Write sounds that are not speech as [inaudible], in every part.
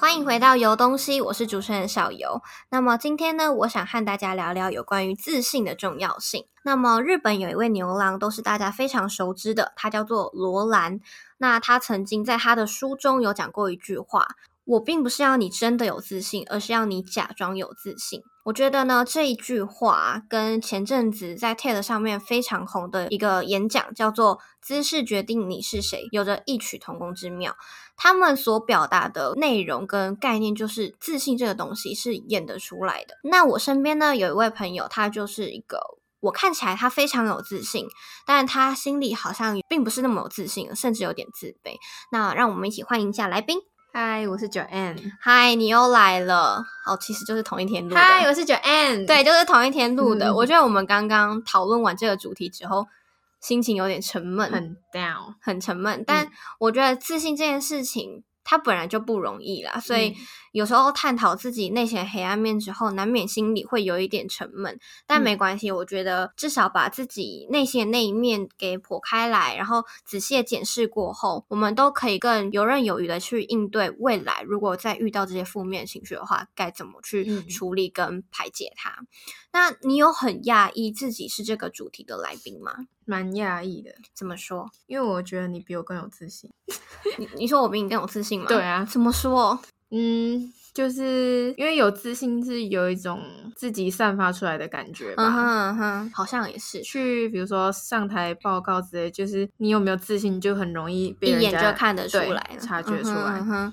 歡迎回到遊東西，我是主持人小遊。那麼今天呢，我想和大家聊聊有關於自信的重要性。那麼日本有一位牛郎，都是大家非常熟知的，他叫做羅蘭。那他曾經在他的書中有講過一句話。我並不是要你真的有自信，而是要你假裝有自信。我覺得呢，這一句話啊，跟前陣子在 TED 上面非常紅的一個演講，叫做“姿勢決定你是誰”，有着異曲同工之妙。他們所表達的內容跟概念，就是自信這個東西是演得出來的。那我身邊呢，有一位朋友，他就是一個我看起來他非常有自信，但他心裡好像並不是那麼有自信，甚至有點自卑。那讓我們一起歡迎一下來賓。嗨，Hi, 我是 Joan。嗨，Hi, 你又來了。哦，oh，其實就是同一天錄的。嗨，我是 Joan。對，就是同一天錄的。嗯。我覺得我們剛剛討論完這個主題之後，心情有點沉悶，很 down，很沉悶。但我覺得自信這件事情。他本來就不容易啦，所以有時候探討自己內心的黑暗面之後，難免心裡會有一點沉悶，但沒關係。我覺得至少把自己內心的那一面給剖開來，然後仔細檢視過後，我們都可以更游刃有餘的去應對未來。如果再遇到這些負面情緒的話，該怎麼去處理跟排解它？那，你有很訝異自己是這個主題的來賓嗎？蠻訝異的。怎麼說？因為我覺得你比我更有自信。 [laughs] 你你說我比你更有自信嗎？對啊。怎麼說？嗯，就是因為有自信是有一種自己散發出來的感覺吧。嗯哼、uh huh, uh huh，好像也是。去比如說上台報告之類，就是你有沒有自信，就很容易被一眼就看得出來，察覺出來。哼、uh。Huh, uh huh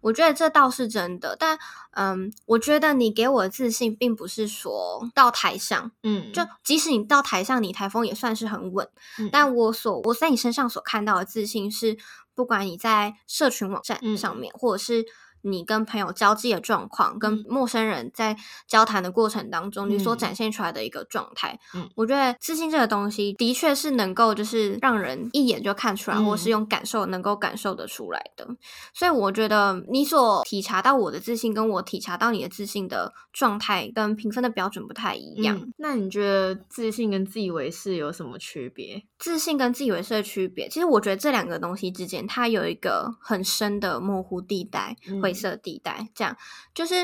我覺得這倒是真的，但嗯，我覺得你給我的自信，並不是說到台上，嗯，就即使你到台上，你台風也算是很穩，嗯、但我所我在你身上所看到的自信，是不管你在社群網站上面，嗯、或者是。你跟朋友交際的狀況，跟陌生人在交談的過程當中，嗯、你所展現出來的一個狀態，嗯，我覺得自信這個東西的確是能夠就是讓人一眼就看出來，嗯、或是用感受能夠感受得出來的。所以我覺得你所體察到我的自信，跟我體察到你的自信的狀態，跟評分的標準不太一樣。嗯、那你覺得自信跟自以為是有什麼區別？自信跟自以為是的區別，其實我覺得這兩個東西之間，它有一個很深的模糊地帶灰色、嗯、地帶，這樣就是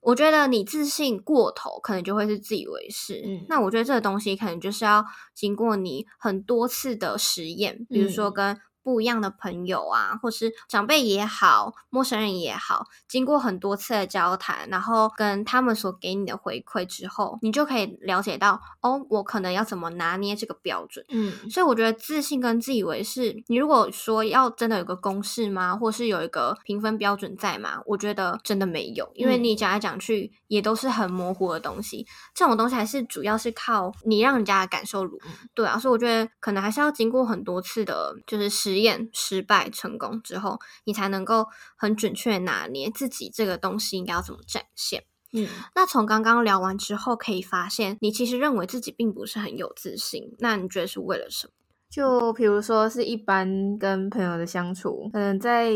我覺得你自信過頭，可能就會是自以為是。嗯、那我覺得這個東西可能就是要經過你很多次的實驗，嗯、比如說跟。不一樣的朋友啊，或是長輩也好，陌生人也好，經過很多次的交談，然後跟他們所給你的回饋之後，你就可以了解到哦，我可能要怎麼拿捏這個標準。嗯，所以我覺得自信跟自以為是，你如果說要真的有個公式嗎，或是有一個評分標準在嗎？我覺得真的沒有，因為你講來講去、嗯、也都是很模糊的東西。這種東西還是主要是靠你讓人家的感受如，對啊，所以我覺得可能還是要經過很多次的，就是實驗。實驗失敗、成功之後，你才能夠很準確拿捏自己這個東西應該要怎麼展現。嗯，那從剛剛聊完之後，可以發現你其實認為自己並不是很有自信。那你覺得是為了什麼？就比如說，是一般跟朋友的相處，可能在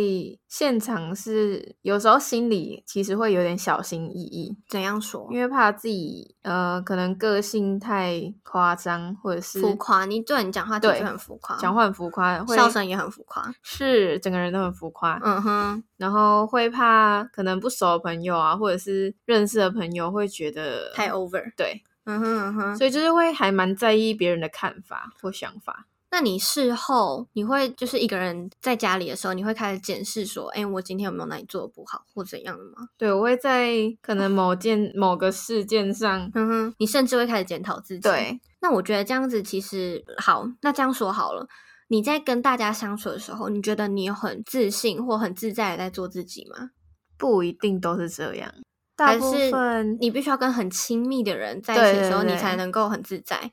現場是有時候心裡其實會有點小心翼翼。怎樣說？因為怕自己呃，可能個性太誇張，或者是浮誇。你對你講話，對，很浮誇，講話很浮誇，會笑聲也很浮誇，是整個人都很浮誇。嗯哼、uh huh。然後會怕可能不熟的朋友啊，或者是認識的朋友會覺得太 over。對，嗯哼嗯哼，huh, uh huh，所以就是會還蠻在意別人的看法或想法。那你事後你會，就是一個人在家裡的時候，你會開始檢視說，哎、欸，我今天有沒有哪裡做的不好或怎樣的嗎？對，我會在可能某件、哦、某個事件上，嗯哼，你甚至會開始檢討自己。對，那我覺得這樣子其實好。那這樣說好了，你在跟大家相處的時候，你覺得你很自信或很自在的在做自己嗎？不一定都是這樣，是大部分你必須要跟很親密的人在一起的時候，對對對你才能夠很自在。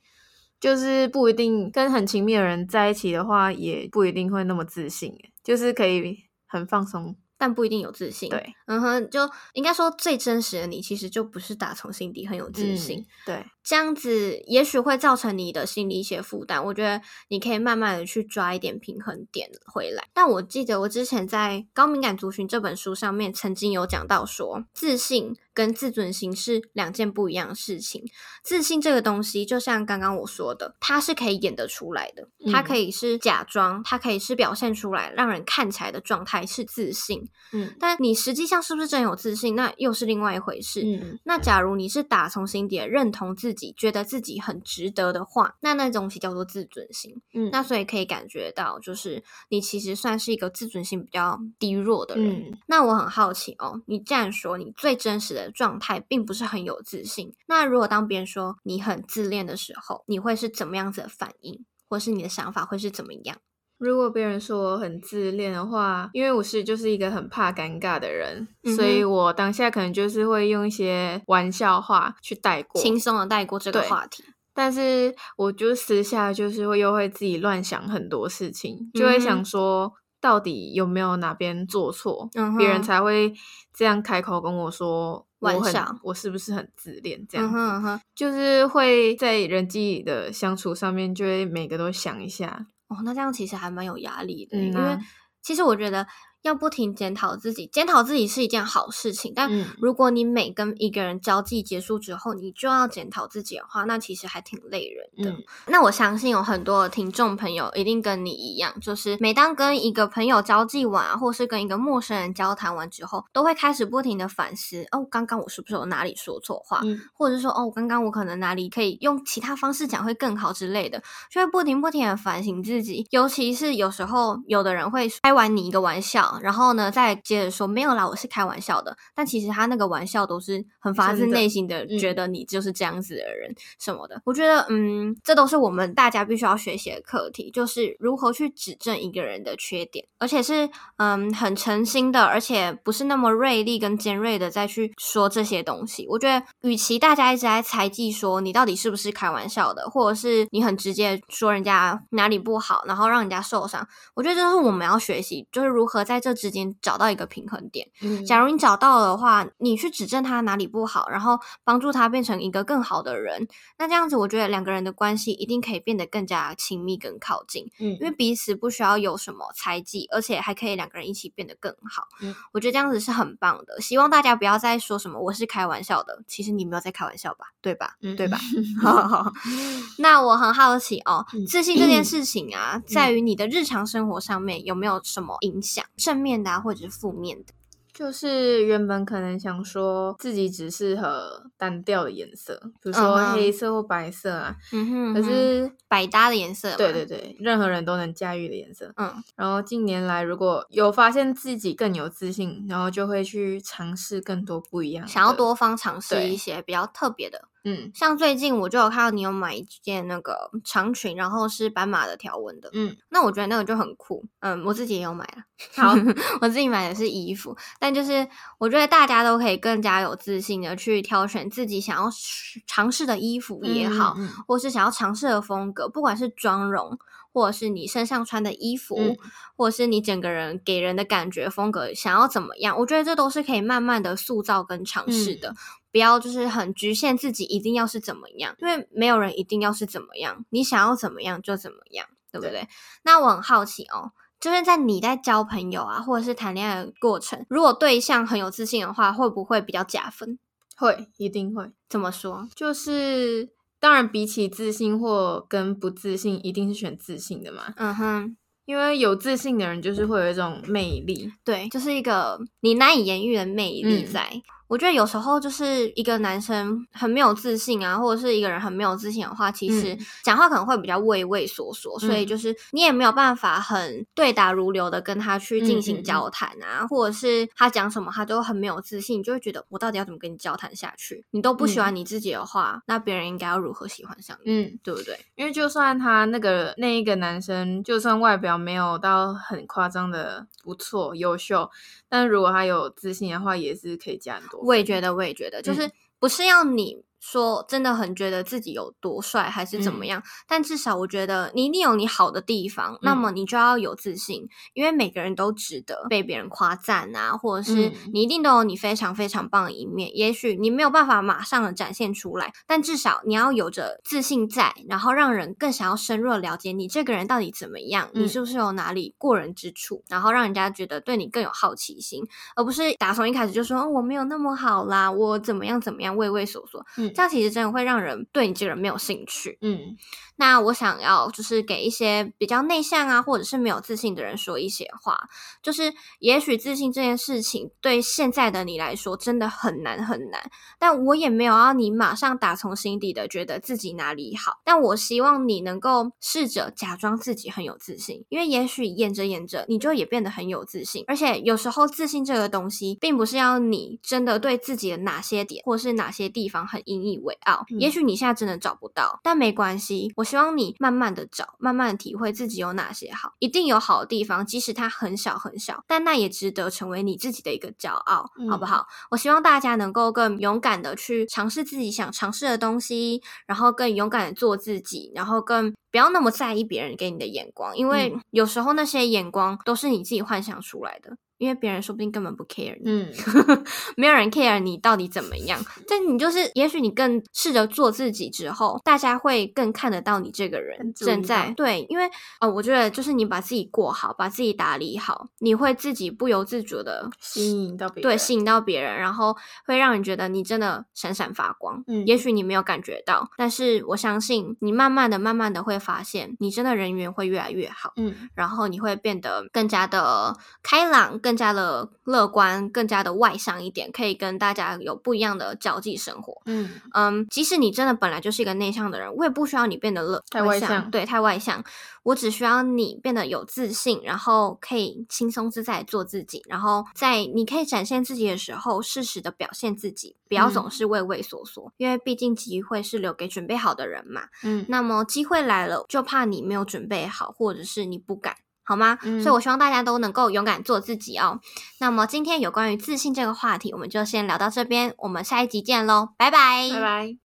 就是不一定跟很親密的人在一起的話，也不一定會那麼自信。哎，就是可以很放鬆，但不一定有自信。對，嗯哼，就應該說最真實的你，其實就不是打從心底很有自信。嗯、對，這樣子也許會造成你的心理一些負擔。我覺得你可以慢慢的去抓一點平衡點回來。但我記得我之前在《高敏感族群》這本書上面曾經有講到說，自信。跟自尊心是兩件不一樣的事情。自信這個東西，就像剛剛我說的，它是可以演得出來的，嗯，它可以是假裝，它可以是表現出來，讓人看起來的狀態是自信。嗯，但你實際上是不是真有自信，那又是另外一回事。嗯，那假如你是打從心底認同自己，覺得自己很值得的話，那那東西叫做自尊心。嗯，那所以可以感覺到，就是你其實算是一個自尊心比較低弱的人。嗯，那我很好奇哦，你這樣說，你最真實的。狀態並不是很有自信。那如果當別人說你很自戀的時候，你會是怎麼樣子的反應，或是你的想法會是怎麼樣？如果別人說我很自戀的話，因為我是就是一個很怕尷尬的人，嗯、哼所以我當下可能就是會用一些玩笑話去帶過，輕鬆的帶過這個話題。但是我就私下就是會又會自己亂想很多事情，嗯、哼就會想說。到底有沒有哪邊做錯，別、嗯、哼人才會這樣開口跟我說，我很上我是不是很自戀這樣嗯哼嗯哼就是會在人際的相處上面，就會每個都想一下。哦，那這樣其實還蠻有壓力的，嗯啊、因為其實我覺得。要不停檢討自己，檢討自己是一件好事情。但如果你每跟一個人交際結束之後，嗯、你就要檢討自己的話，那其實還挺累人的。嗯、那我相信有很多的聽眾朋友一定跟你一樣，就是每當跟一個朋友交際完，啊，或是跟一個陌生人交談完之後，都會開始不停的反思：哦，剛剛我是不是有哪裡說錯話？嗯、或者說，哦，剛剛我可能哪裡可以用其他方式講會更好之類的，就會不停不停的反省自己。尤其是有時候，有的人會開完你一個玩笑。然後呢，再接着說，沒有啦，我是開玩笑的。但其實他那個玩笑都是很發自內心的，覺得你就是這樣子的人，嗯、什麼的。我覺得，嗯，這都是我們大家必須要學習的課題，就是如何去指正一個人的缺點，而且是嗯很誠心的，而且不是那麼銳利跟尖銳的再去說這些東西。我覺得，與其大家一直在猜忌說你到底是不是開玩笑的，或者是你很直接說人家哪裡不好，然後讓人家受傷，我覺得這是我們要學習，就是如何在在這之間找到一個平衡點。嗯嗯，假如你找到的話，你去指正他哪裡不好，然後幫助他變成一個更好的人，那這樣子我覺得兩個人的關係一定可以變得更加親密跟靠近。嗯，因為彼此不需要有什麼猜忌，而且還可以兩個人一起變得更好。嗯，我覺得這樣子是很棒的。希望大家不要再說什麼我是開玩笑的，其實你沒有在開玩笑吧？對吧？嗯，對吧？ [laughs] [laughs] [laughs] 那我很好奇哦，嗯，自信這件事情啊，嗯，在於你的日常生活上面有沒有什麼影響？正面的啊，或者是負面的，就是原本可能想說自己只適合單調的顏色，比如說黑色或白色啊。Uh huh. 可是百搭的顏色，對對對，任何人都能駕馭的顏色。嗯、uh huh. 然後近年來如果有發現自己更有自信，然後就會去嘗試更多不一樣，想要多方嘗試一些對比較特別的。嗯，像最近我就有看到你有買一件那個長裙，然後是斑馬的條紋的，嗯，那我覺得那個就很酷，嗯，我自己也有買了。好， [laughs] 我自己買的是衣服，但就是我覺得大家都可以更加有自信的去挑選自己想要嘗試的衣服也好，嗯嗯嗯，或是想要嘗試的風格，不管是妝容。或者是你身上穿的衣服，嗯、或者是你整個人給人的感覺風格，想要怎麼樣？我覺得這都是可以慢慢的塑造跟嘗試的，嗯、不要就是很局限自己一定要是怎麼樣，因為沒有人一定要是怎麼樣，你想要怎麼樣就怎麼樣，對不對？對。那我很好奇哦，就是在你在交朋友啊，或者是談戀愛的過程，如果對象很有自信的話，會不會比較加分？會，一定會。怎麼說？就是。當然，比起自信或跟不自信，一定是選自信的嘛。嗯哼，因為有自信的人就是會有一種魅力，對，就是一個你難以言喻的魅力在。嗯我覺得有時候就是一個男生很沒有自信啊，或者是一個人很沒有自信的話，其實講話可能會比較畏畏縮縮，嗯、所以就是你也沒有辦法很對答如流的跟他去進行交談啊，嗯嗯嗯，或者是他講什麼他都很沒有自信，就會覺得我到底要怎麼跟你交談下去？你都不喜歡你自己的話，嗯、那別人應該要如何喜歡上你？嗯，對不對？因為就算他那個那一個男生，就算外表沒有到很誇張的不錯優秀，但如果他有自信的話，也是可以加很多。我也覺得，我也覺得，嗯、就是不是要你，說真的很覺得自己有多帥還是怎麼樣？嗯、但至少我覺得你一定有你好的地方，嗯、那麼你就要有自信，因為每個人都值得被別人誇讚啊，或者是你一定都有你非常非常棒的一面。嗯、也許你沒有辦法馬上的展現出來，但至少你要有着自信在，然後讓人更想要深入的了解你這個人到底怎麼樣，嗯、你是不是有哪裡過人之處，然後讓人家覺得對你更有好奇心，而不是打從一開始就說，哦，我沒有那麼好啦，我怎麼樣怎麼樣，畏畏縮縮。嗯這樣其實真的會讓人對你這個人沒有興趣。嗯，那我想要就是給一些比較內向啊，或者是沒有自信的人說一些話，就是也許自信這件事情對現在的你來說真的很難很難，但我也沒有要你馬上打從心底的覺得自己哪裡好，但我希望你能夠試着假裝自己很有自信，因為也許演著演著你就也變得很有自信，而且有時候自信這個東西並不是要你真的對自己的哪些點或是哪些地方很硬。引以為傲，也許你現在真的找不到，嗯、但沒關係。我希望你慢慢的找，慢慢的體會自己有哪些好，一定有好的地方，即使它很小很小，但那也值得成為你自己的一個驕傲，嗯、好不好？我希望大家能夠更勇敢的去嘗試自己想嘗試的東西，然後更勇敢的做自己，然後更不要那麼在意別人給你的眼光，因為有時候那些眼光都是你自己幻想出來的。因為別人說不定根本不 care 你，嗯、 [laughs] 沒有人 care 你到底怎麼樣。 [laughs] 但你就是，也許你更試着做自己之後，大家會更看得到你這個人正在。對，因為啊、呃，我覺得就是你把自己過好，把自己打理好，你會自己不由自主的吸引到別人。對，吸引到別人，然後會讓你覺得你真的閃閃發光。嗯，也許你沒有感覺到，但是我相信你慢慢的、慢慢的會發現，你真的人緣會越來越好。嗯，然後你會變得更加的開朗，更加的樂觀，更加的外向一點，可以跟大家有不一樣的交際生活。嗯嗯，um, 即使你真的本來就是一個內向的人，我也不需要你變得樂，太外向。外向。對，太外向，我只需要你變得有自信，然後可以輕鬆自在做自己。然後在你可以展現自己的時候，適時的表現自己，不要總是畏畏縮縮。嗯。因為畢竟機會是留給準備好的人嘛。嗯，那麼機會來了，就怕你沒有準備好，或者是你不敢。好嗎？嗯，所以，我希望大家都能夠勇敢做自己哦。那麼，今天有關於自信這個話題，我們就先聊到這邊。我們下一集見嘍，拜拜，拜拜。